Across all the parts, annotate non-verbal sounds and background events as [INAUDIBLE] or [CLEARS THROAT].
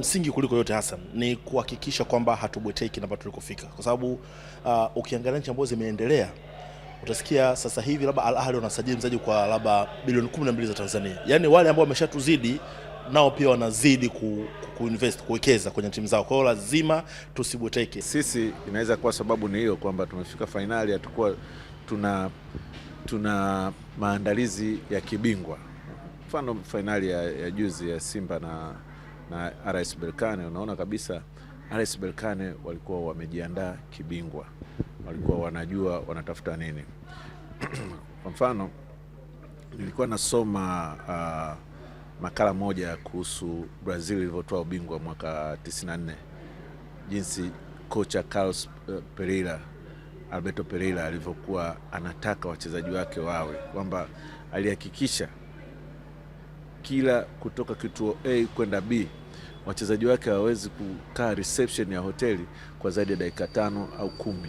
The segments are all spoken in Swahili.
msingi kuliko yote hasa ni kuhakikisha kwamba hatubweteki na tulikofika, kwa sababu uh, ukiangalia nchi ambazo zimeendelea utasikia sasa hivi labda Al wanasajili mzaji kwa labda bilioni mbili za Tanzania. Yaani wale ambao wameshatuzidi nao pia wanazidi ku, ku invest kuwekeza kwenye timu zao. kwao lazima tusibweteke. Sisi inaweza kuwa sababu ni hiyo kwamba tumefika fainali, hatukuwa tuna tuna maandalizi ya kibingwa. Mfano fainali ya, ya juzi ya Simba na na RS Berkane, unaona kabisa RS Berkane walikuwa wamejiandaa kibingwa, walikuwa wanajua wanatafuta nini. [CLEARS THROAT] Kwa mfano nilikuwa nasoma uh, makala moja kuhusu Brazil ilivyotoa ubingwa mwaka 94 jinsi kocha Carlos uh, Pereira Alberto Pereira alivyokuwa anataka wachezaji wake wawe kwamba alihakikisha kila kutoka kituo A kwenda B wachezaji wake hawawezi kukaa reception ya hoteli kwa zaidi ya dakika tano au kumi.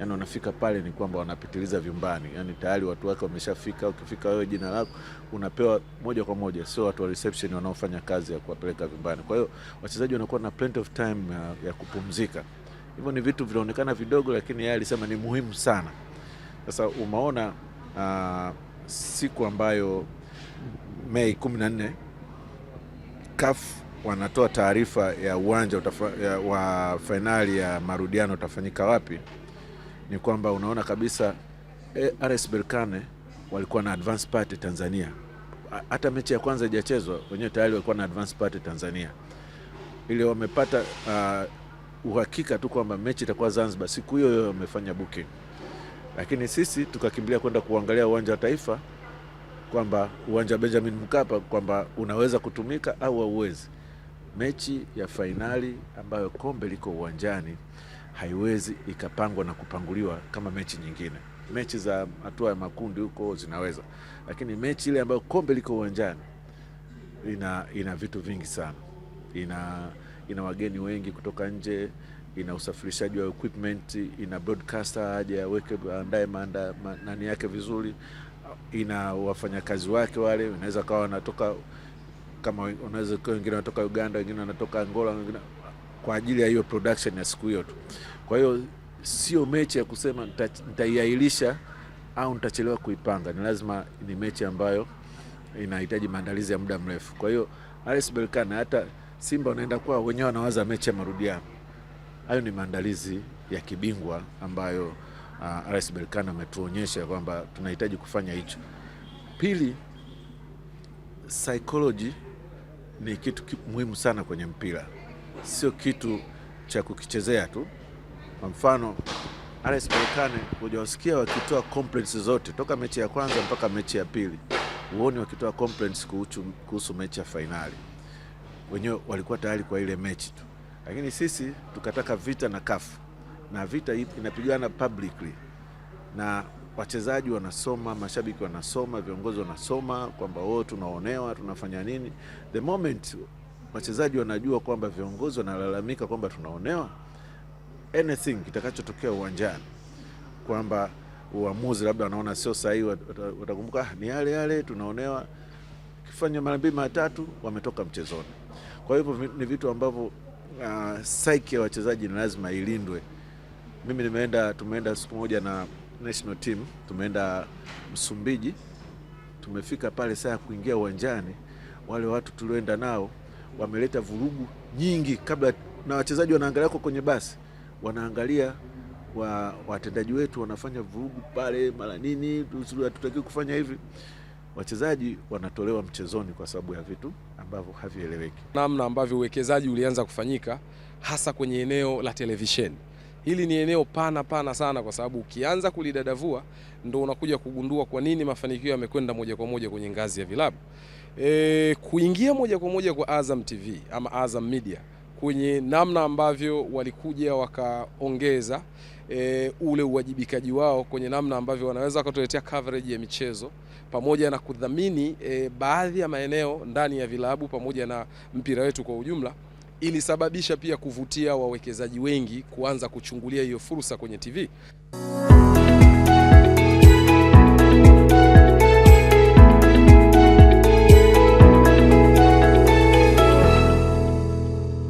Yani wanafika pale ni kwamba wanapitiliza vyumbani, yani tayari watu wake wameshafika. Ukifika wewe jina lako unapewa moja kwa moja, sio watu wa reception wanaofanya kazi ya kuwapeleka vyumbani. Kwa hiyo wachezaji wanakuwa na plenty of time ya, ya kupumzika. Hivyo ni vitu vinaonekana vidogo, lakini yeye alisema ni muhimu sana. Sasa umeona uh, siku ambayo Mei 14 kafu wanatoa taarifa ya uwanja wa fainali ya marudiano utafanyika wapi, ni kwamba unaona kabisa eh, RS Berkane walikuwa na advance party Tanzania. Hata mechi ya kwanza haijachezwa, wenyewe tayari walikuwa na advance party Tanzania, ili wamepata uh, uhakika tu kwamba mechi itakuwa Zanzibar siku hiyo hiyo, wamefanya booking, lakini sisi tukakimbilia kwenda kuangalia uwanja wa Taifa kwamba uwanja wa Benjamin Mkapa kwamba unaweza kutumika au hauwezi mechi ya fainali ambayo kombe liko uwanjani haiwezi ikapangwa na kupanguliwa kama mechi nyingine. Mechi za hatua ya makundi huko zinaweza, lakini mechi ile ambayo kombe liko uwanjani ina, ina vitu vingi sana, ina, ina wageni wengi kutoka nje, ina usafirishaji wa equipment, ina broadcaster aje aweke andae manda nani yake vizuri, ina wafanyakazi wake wale, inaweza kawa wanatoka kama unaweza kuwa wengine wanatoka Uganda, wengine wanatoka Angola, wengine kwa ajili ya hiyo production ya siku hiyo tu. Kwa hiyo sio mechi ya kusema nitaiahirisha au nitachelewa kuipanga, ni lazima ni mechi ambayo inahitaji maandalizi ya muda mrefu. Kwa hiyo RS Berkane, hata Simba wanaenda kwa wenyewe wanawaza mechi ya marudiano, hayo ni maandalizi ya kibingwa ambayo uh, RS Berkane ametuonyesha kwamba tunahitaji kufanya hicho. Pili, psychology ni kitu muhimu sana kwenye mpira, sio kitu cha kukichezea tu. Kwa mfano RS Berkane hujawasikia wakitoa complaints zote toka mechi ya kwanza mpaka mechi ya pili, huoni wakitoa complaints kuhusu mechi ya fainali. Wenyewe walikuwa tayari kwa ile mechi tu, lakini sisi tukataka vita na kafu na vita inapigana publicly na wachezaji wanasoma, mashabiki wanasoma, viongozi wanasoma kwamba wao oh, tunaonewa, tunafanya nini. The moment wachezaji wanajua kwamba viongozi wanalalamika kwamba tunaonewa, anything kitakachotokea uwanjani kwamba uamuzi labda wanaona sio sahihi, watakumbuka ah, ni yale yale, tunaonewa. Kifanya mara mbili mara tatu, wametoka mchezoni. Kwa hivyo ni vitu ambavyo uh, ah, saiki ya wachezaji ni lazima ilindwe. Mimi nimeenda tumeenda siku moja na national team tumeenda Msumbiji, tumefika pale saa ya kuingia uwanjani, wale watu tulioenda nao wameleta vurugu nyingi kabla, na wachezaji wanaangalia kwa kwenye basi, wanaangalia wa watendaji wetu wanafanya vurugu pale, mara nini, hatutaki kufanya hivi. Wachezaji wanatolewa mchezoni kwa sababu ya vitu ambavyo havieleweki. Namna ambavyo uwekezaji ulianza kufanyika hasa kwenye eneo la televisheni hili ni eneo pana pana sana, kwa sababu ukianza kulidadavua ndo unakuja kugundua kwa nini mafanikio yamekwenda moja kwa moja kwenye ngazi ya vilabu. E, kuingia moja kwa moja kwa Azam TV ama Azam Media kwenye namna ambavyo walikuja wakaongeza e, ule uwajibikaji wao kwenye namna ambavyo wanaweza wakatuletea coverage ya michezo pamoja na kudhamini e, baadhi ya maeneo ndani ya vilabu pamoja na mpira wetu kwa ujumla ilisababisha pia kuvutia wawekezaji wengi kuanza kuchungulia hiyo fursa kwenye TV.